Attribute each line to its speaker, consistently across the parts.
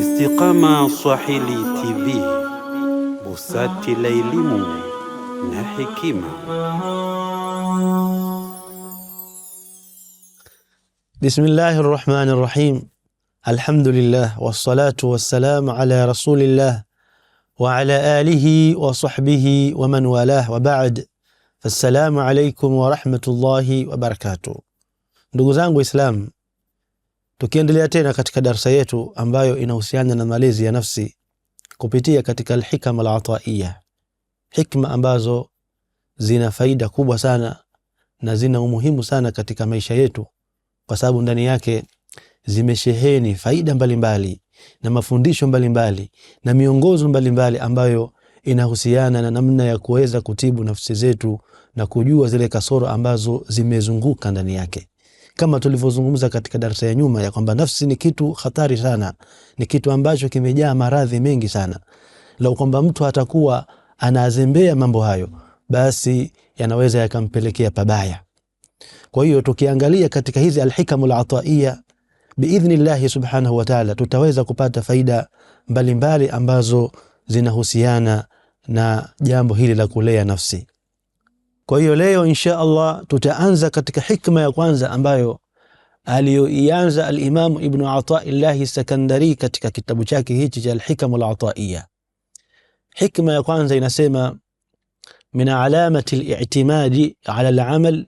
Speaker 1: Istiqama Swahili TV, busati la elimu na hekima. Bismillahi rrahmani rrahim, alhamdulillah wassalatu wassalamu ala rasulillah wa ala alihi wa sahbihi wa man walah wa ba'd. Fassalamu alaikum wa rahmatullahi wa barakatuh. Ndugu zangu Islam Tukiendelea tena katika darsa yetu ambayo inahusiana na malezi ya nafsi kupitia katika alhikama alataiya, hikma ambazo zina faida kubwa sana na zina umuhimu sana katika maisha yetu, kwa sababu ndani yake zimesheheni faida mbalimbali mbali, na mafundisho mbalimbali mbali, na miongozo mbalimbali mbali ambayo inahusiana na namna ya kuweza kutibu nafsi zetu na kujua zile kasoro ambazo zimezunguka ndani yake kama tulivyozungumza katika darasa ya nyuma ya kwamba nafsi ni kitu hatari sana, ni kitu ambacho kimejaa maradhi mengi sana. Lau kwamba mtu atakuwa anazembea mambo hayo, basi yanaweza yakampelekea pabaya. Kwa hiyo tukiangalia katika hizi alhikamu ataiya biidhnillahi subhanahu wa ta'ala, tutaweza kupata faida mbalimbali mbali ambazo zinahusiana na jambo hili la kulea nafsi. Kwa hiyo leo insha Allah tutaanza katika hikma ya kwanza ambayo aliyoianza al-Imam Ibn Athaillah Sakandari katika kitabu chake hichi cha al-Hikam al-Athaiyya. Hikma ya kwanza inasema min alamati al-i'timadi ala al-amal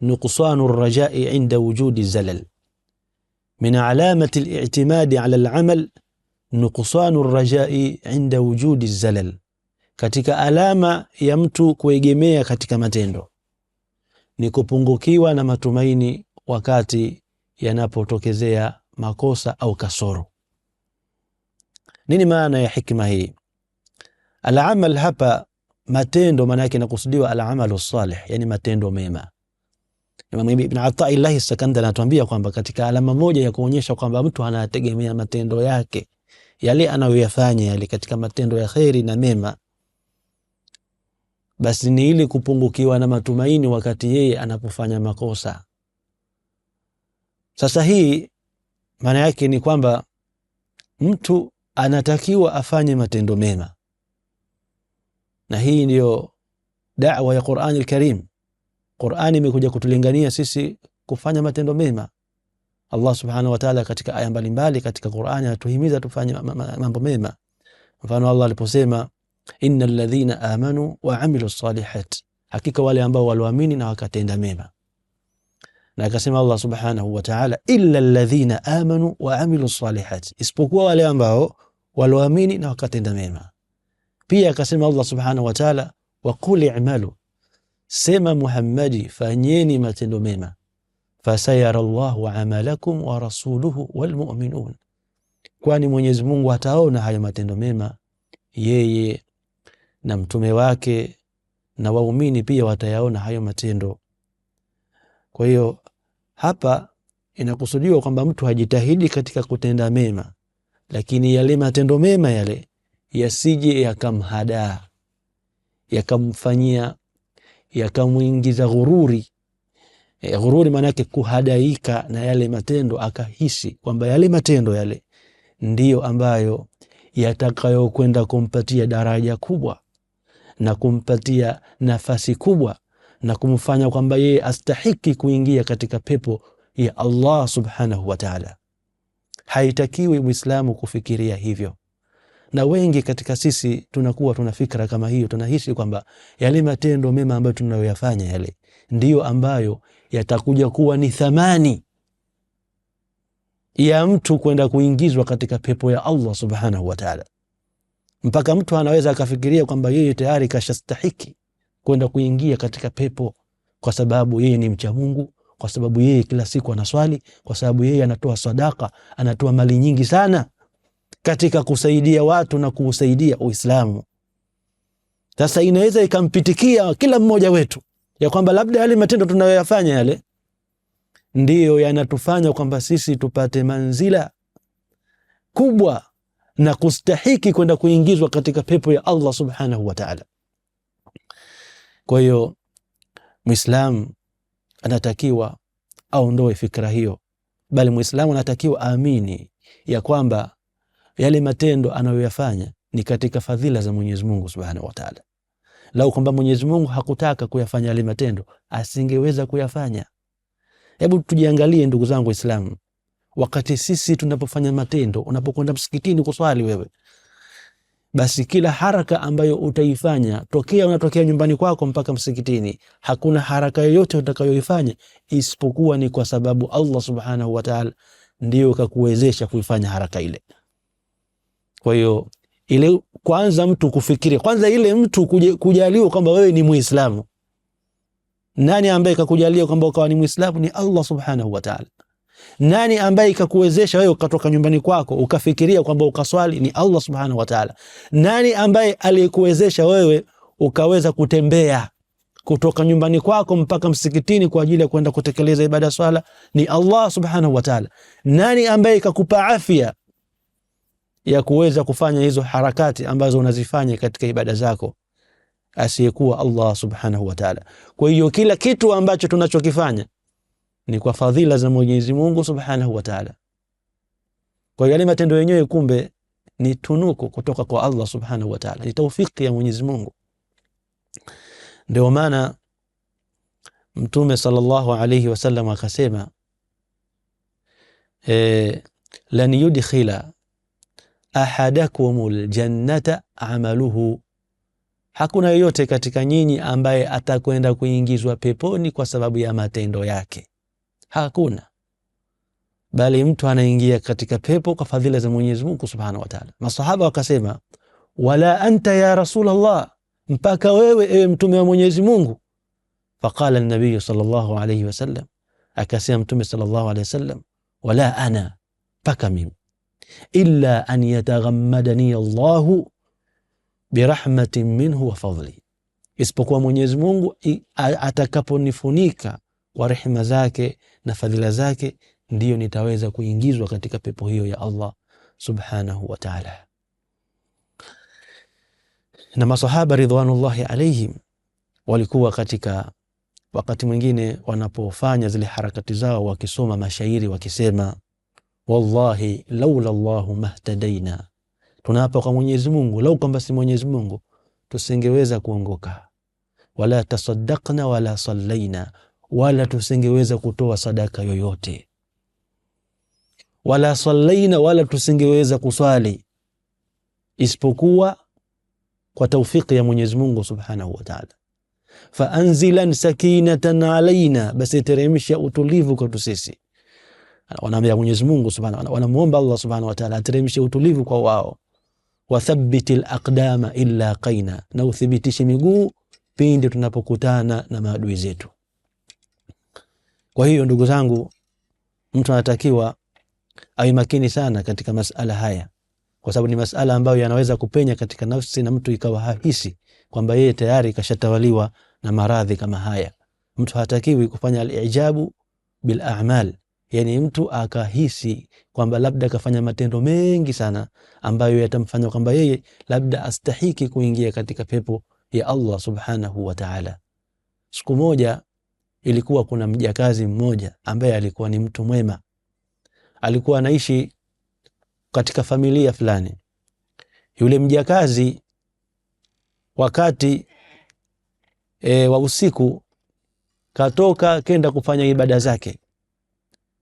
Speaker 1: nuqsanu ar-raja'i 'inda wujudi zalal. Min alamati al-i'timadi ala al-amal nuqsanu ar-raja'i 'inda wujudi zalal. katika alama ya mtu kuegemea katika matendo ni kupungukiwa na matumaini wakati yanapotokezea makosa au kasoro. Nini maana ya hikma hii? Alamal hapa matendo, maana yake inakusudiwa alamalu salih, yani matendo mema. Imam Ibn Athaillah Sakandari anatuambia kwamba katika alama moja ya kuonyesha kwamba mtu anategemea matendo yake yale anayoyafanya yale katika matendo ya kheri na mema basi ni ile kupungukiwa na matumaini wakati yeye anapofanya makosa. Sasa hii maana yake ni kwamba mtu anatakiwa afanye matendo mema, na hii ndiyo da'wa ya quran al-Karim. Qur'ani imekuja kutulingania sisi kufanya matendo mema. Allah subhanahu wa ta'ala katika aya mbalimbali katika Qur'ani anatuhimiza tufanye mambo mema, mfano Allah aliposema inna alladhina amanu wa amilu salihat, hakika wale ambao walioamini na wakatenda mema. Na akasema Allah subhanahu wa ta'ala, illa alladhina amanu wa amilu salihat, isipokuwa wale ambao walioamini na wakatenda mema. Pia akasema Allah subhanahu wa ta'ala, wa qul i'malu, sema Muhammadi, fanyeni matendo mema, fasayara Allahu amalakum wa rasuluhu walmu'minun, kwani Mwenyezi Mungu ataona hayo matendo mema yeye na mtume wake na waumini pia watayaona hayo matendo. Kwa hiyo hapa inakusudiwa kwamba mtu hajitahidi katika kutenda mema, lakini yale matendo mema yale yasije yakamhadaa, yakamfanyia, yakamwingiza ghururi. E, ghururi maanake kuhadaika na yale matendo, akahisi kwamba yale matendo yale ndiyo ambayo yatakayokwenda kumpatia daraja kubwa na kumpatia nafasi kubwa na kumfanya kwamba yeye astahiki kuingia katika pepo ya Allah subhanahu wa ta'ala. Haitakiwi Muislamu kufikiria hivyo, na wengi katika sisi tunakuwa tuna fikra kama hiyo. Tunahisi kwamba yale matendo mema ambayo tunayoyafanya yale ndiyo ambayo yatakuja kuwa ni thamani ya mtu kwenda kuingizwa katika pepo ya Allah subhanahu wa ta'ala mpaka mtu anaweza akafikiria kwamba yeye tayari kashastahiki kwenda kuingia katika pepo, kwa sababu yeye ni mcha Mungu, kwa sababu yeye kila siku anaswali, kwa sababu yeye anatoa sadaka, anatoa mali nyingi sana katika kusaidia watu na kuusaidia Uislamu. Sasa inaweza ikampitikia kila mmoja wetu ya kwamba labda yale matendo tunayoyafanya yale ndiyo yanatufanya kwamba sisi tupate manzila kubwa na kustahiki kwenda kuingizwa katika pepo ya Allah subhanahu wa ta'ala. Kwa hiyo Muislamu anatakiwa aondoe fikra hiyo, bali Muislamu anatakiwa aamini ya kwamba yale matendo anayoyafanya ni katika fadhila za Mwenyezi Mungu subhanahu wa ta'ala. Lau kwamba Mwenyezi Mungu hakutaka kuyafanya yale matendo asingeweza kuyafanya. Hebu tujiangalie ndugu zangu Waislamu, Wakati sisi tunapofanya matendo, unapokwenda msikitini kuswali wewe, basi kila haraka ambayo utaifanya tokea unatokea nyumbani kwako mpaka msikitini, hakuna haraka yoyote utakayoifanya isipokuwa ni kwa sababu Allah subhanahu wa ta'ala ndio kakuwezesha kuifanya haraka ile. Kwa hiyo ile kwanza mtu kufikiri kwanza, ile mtu kujaliwa kwamba wewe ni Muislamu. Nani ambaye kakujalia kwamba ukawa ni Muislamu? Ni Allah subhanahu wa ta'ala. Nani ambaye ikakuwezesha wewe ukatoka nyumbani kwako ukafikiria kwamba ukaswali? Ni Allah subhanahu wa ta'ala. Nani ambaye aliyekuwezesha wewe ukaweza kutembea kutoka nyumbani kwako mpaka msikitini kwa ajili ya kwenda kutekeleza ibada swala? Ni Allah subhanahu wa ta'ala. Nani ambaye ikakupa afya ya kuweza kufanya hizo harakati ambazo unazifanya katika ibada zako? Asiyekuwa Allah subhanahu wa ta'ala. Kwa hiyo kila kitu ambacho tunachokifanya ni kwa fadhila za Mwenyezi Mungu Subhanahu wa Ta'ala. Kwa yale matendo yenyewe kumbe ni tunuku kutoka kwa Allah Subhanahu wa Ta'ala, ni taufiki ya Mwenyezi Mungu. Ndio maana Mtume sallallahu alayhi wasallam akasema e, lan yudkhila ahadakumul jannata amaluhu, hakuna yoyote katika nyinyi ambaye atakwenda kuingizwa peponi kwa sababu ya matendo yake. Hakuna, bali mtu anaingia katika pepo kwa fadhila za Mwenyezi Mungu Subhanahu wa Ta'ala. Masahaba wakasema wala anta ya Rasulullah, mpaka wewe ewe mtume wa Mwenyezi Mungu. Faqala an-nabiy sallallahu alayhi wasallam, akasema mtume sallallahu alayhi wasallam, wala ana, mpaka mimi, illa an yataghammadani Allahu birahmatin minhu wa fadli, isipokuwa Mwenyezi Mungu atakaponikufunika kwa rehema zake na fadhila zake ndiyo nitaweza kuingizwa katika pepo hiyo ya Allah subhanahu wa ta'ala. Na masahaba ridwanullahi alaihim walikuwa katika wakati mwingine wanapofanya zile harakati zao wakisoma mashairi wakisema, wallahi laula Allahu mahtadaina, tunaapa kwa Mwenyezi Mungu, lau kwamba si Mwenyezi Mungu tusingeweza kuongoka, wala tasaddaqna wala sallaina wala tusingeweza kutoa sadaka yoyote, wala sallaina, wala tusingeweza kuswali isipokuwa kwa taufiki ya Mwenyezi Mungu Subhanahu wa Ta'ala. Fa anzilan sakinatan alaina, basi teremsha utulivu kwetu sisi. Wanaambia Mwenyezi Mungu Subhanahu wa Ta'ala, wanamuomba Allah Subhanahu wa Ta'ala ateremshe utulivu kwa wao. Wa thabbitil aqdama illa qaina, na uthibitishe miguu pindi tunapokutana na maadui zetu. Kwa hiyo ndugu zangu, mtu anatakiwa awe makini sana katika masala haya, kwa sababu ni masala ambayo yanaweza kupenya katika nafsi na mtu ikawa hahisi kwamba yeye tayari kashatawaliwa na maradhi kama haya. Mtu hatakiwi kufanya alijabu bil a'mal, yani mtu akahisi kwamba labda kafanya matendo mengi sana ambayo yatamfanya kwamba yeye labda astahiki kuingia katika pepo ya Allah subhanahu wa ta'ala. Siku moja ilikuwa kuna mjakazi mmoja ambaye alikuwa ni mtu mwema, alikuwa anaishi katika familia fulani. Yule mjakazi wakati e, wa usiku katoka kenda kufanya ibada zake.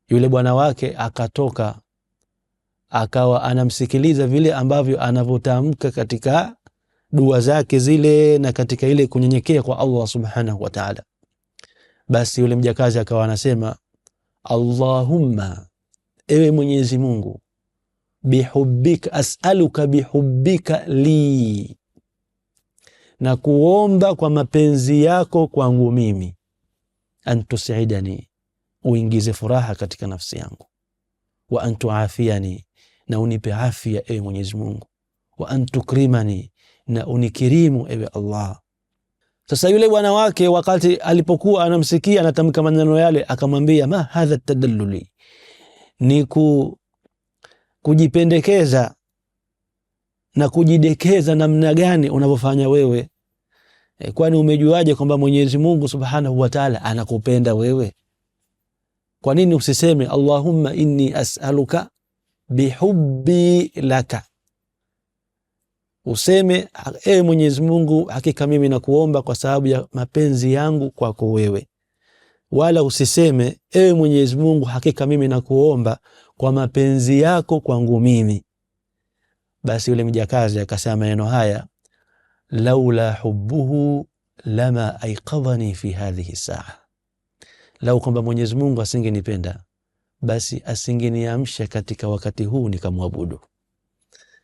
Speaker 1: Yule bwana wake akatoka akawa anamsikiliza vile ambavyo anavyotamka katika dua zake zile na katika ile kunyenyekea kwa Allah subhanahu wa ta'ala. Basi yule mjakazi akawa anasema Allahumma, ewe Mwenyezi Mungu, bihubbika as'aluka bihubbika li, na kuomba kwa mapenzi yako kwangu mimi, antusaidani, uingize furaha katika nafsi yangu, wa antuafiani na unipe afya ewe Mwenyezi Mungu, wa antukrimani, na unikirimu ewe Allah sasa yule bwana wake wakati alipokuwa anamsikia anatamka maneno yale, akamwambia ma hadha tadalluli, ni ku, kujipendekeza na kujidekeza. Namna gani unavyofanya wewe e? Kwani umejuaje kwamba Mwenyezi Mungu Subhanahu wa Ta'ala anakupenda wewe? Kwa nini usiseme Allahumma inni as'aluka bihubbi laka useme e, Mwenyezi Mungu, hakika mimi nakuomba kwa sababu ya mapenzi yangu kwako wewe, wala usiseme ewe Mwenyezi Mungu, hakika mimi nakuomba kwa mapenzi yako kwangu mimi. Basi yule mjakazi akasema maneno haya, laula hubuhu lama aiqadhani fi hadhihi saa, lau kwamba Mwenyezi Mungu asingenipenda basi asingeniamsha katika wakati huu nikamwabudu.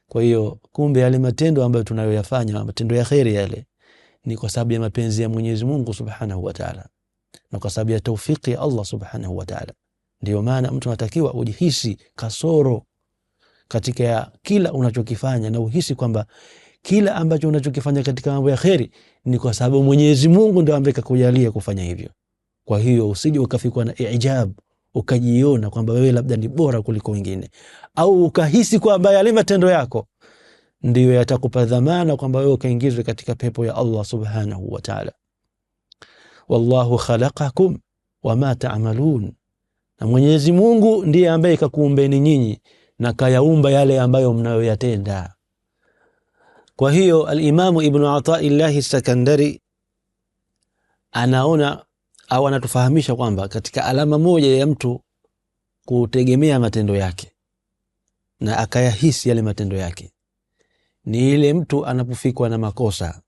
Speaker 1: Kwa hiyo kumbe yale matendo ambayo tunayoyafanya matendo ya kheri yale ni kwa sababu ya mapenzi ya Mwenyezi Mungu Subhanahu wa Ta'ala, na kwa sababu ya taufiki ya Allah Subhanahu wa Ta'ala. Ndio maana mtu anatakiwa ujihisi kasoro katika kila unachokifanya na uhisi kwamba kila ambacho unachokifanya katika mambo ya kheri ni kwa sababu Mwenyezi Mungu ndio ambaye kakujalia kufanya hivyo. Kwa hiyo usije ukafikwa na ijab ukajiona kwamba wewe labda ni bora kuliko wengine, au ukahisi kwamba yale matendo yako ndiyo yatakupa dhamana kwamba wewe ukaingizwe katika pepo ya Allah subhanahu wa ta'ala. Wallahu khalaqakum wama ta'malun, na Mwenyezi Mungu ndiye ambaye kakuumbeni nyinyi na kayaumba yale ambayo mnayoyatenda. Kwa hiyo Alimamu Ibnu Ataillahi Sakandari anaona au anatufahamisha kwamba katika alama moja ya mtu kutegemea matendo yake na akayahisi yale matendo yake ni ile mtu anapofikwa na makosa,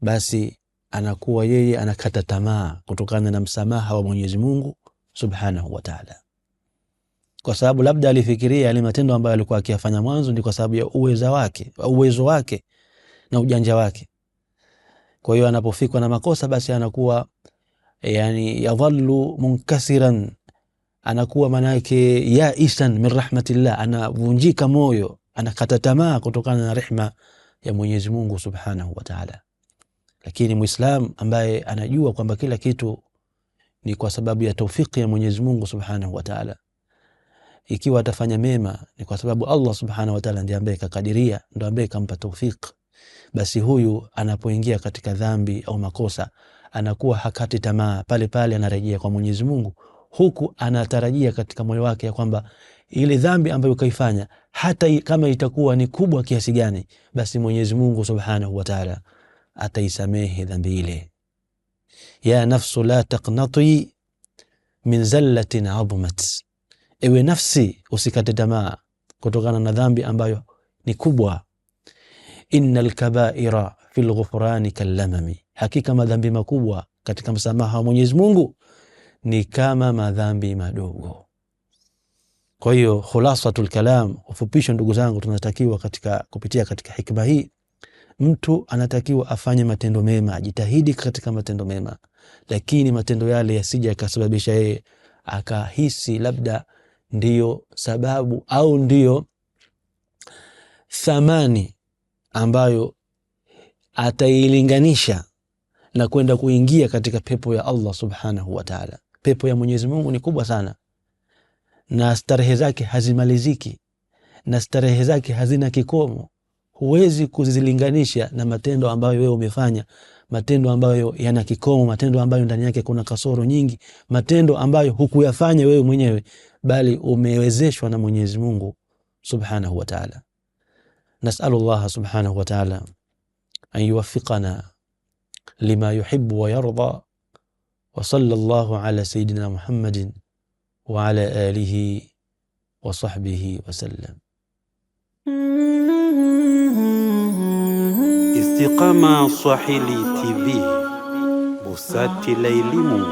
Speaker 1: basi anakuwa yeye anakata tamaa kutokana na msamaha wa Mwenyezi Mungu Subhanahu wa Ta'ala, kwa sababu labda alifikiria yale matendo ambayo alikuwa akiyafanya mwanzo ni kwa sababu ya uwezo wake, uwezo wake na ujanja wake. Kwa hiyo anapofikwa na makosa, basi anakuwa yani yadhallu munkasiran anakuwa manake yaisan min rahmatillah anavunjika moyo anakata tamaa kutokana na rehma ya Mwenyezi Mungu Subhanahu wa Ta'ala. Lakini Muislam ambaye anajua kwamba kila kitu ni kwa sababu ya taufiki ya Mwenyezi Mungu Subhanahu wa Ta'ala, ikiwa atafanya mema ni kwa sababu Allah Subhanahu wa Ta'ala ndiye ambaye kakadiria, ndo ambaye kampa taufiki, basi huyu anapoingia katika dhambi au makosa anakuwa hakati tamaa pale pale, anarejea kwa Mwenyezi Mungu, huku anatarajia katika moyo wake ya kwamba ile dhambi ambayo kaifanya hata kama itakuwa ni kubwa kiasi gani, basi Mwenyezi Mungu Subhanahu wa Ta'ala ataisamehe dhambi ile. Ya nafsu la taqnati min zallatin adhumat, ewe nafsi usikate tamaa kutokana na dhambi ambayo ni kubwa. Innal kabaira fil ghufrani kallamami, hakika madhambi makubwa katika msamaha wa Mwenyezi Mungu ni kama madhambi madogo. Kwa hiyo khulasatul kalam, ufupisho ndugu zangu, tunatakiwa katika kupitia katika hikma hii, mtu anatakiwa afanye matendo mema, ajitahidi katika matendo mema, lakini matendo yale yasija yakasababisha yeye akahisi labda ndiyo sababu au ndiyo thamani ambayo atailinganisha na kwenda kuingia katika pepo ya Allah subhanahu wa ta'ala. Pepo ya Mwenyezi Mungu ni kubwa sana, na starehe zake hazimaliziki, na starehe zake hazina kikomo. Huwezi kuzilinganisha na matendo ambayo wewe umefanya, matendo ambayo yana kikomo, matendo ambayo ndani yake kuna kasoro nyingi, matendo ambayo hukuyafanya wewe mwenyewe, bali umewezeshwa na Mwenyezi Mungu subhanahu wa ta'ala. Nasalullah subhanahu wa ta'ala أن يوفقنا لما يحب ويرضى وصلى الله على سيدنا محمد وعلى آله وصحبه وسلم استقامة صحيلي TV, busati la elimu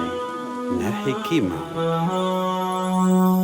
Speaker 1: نحكيما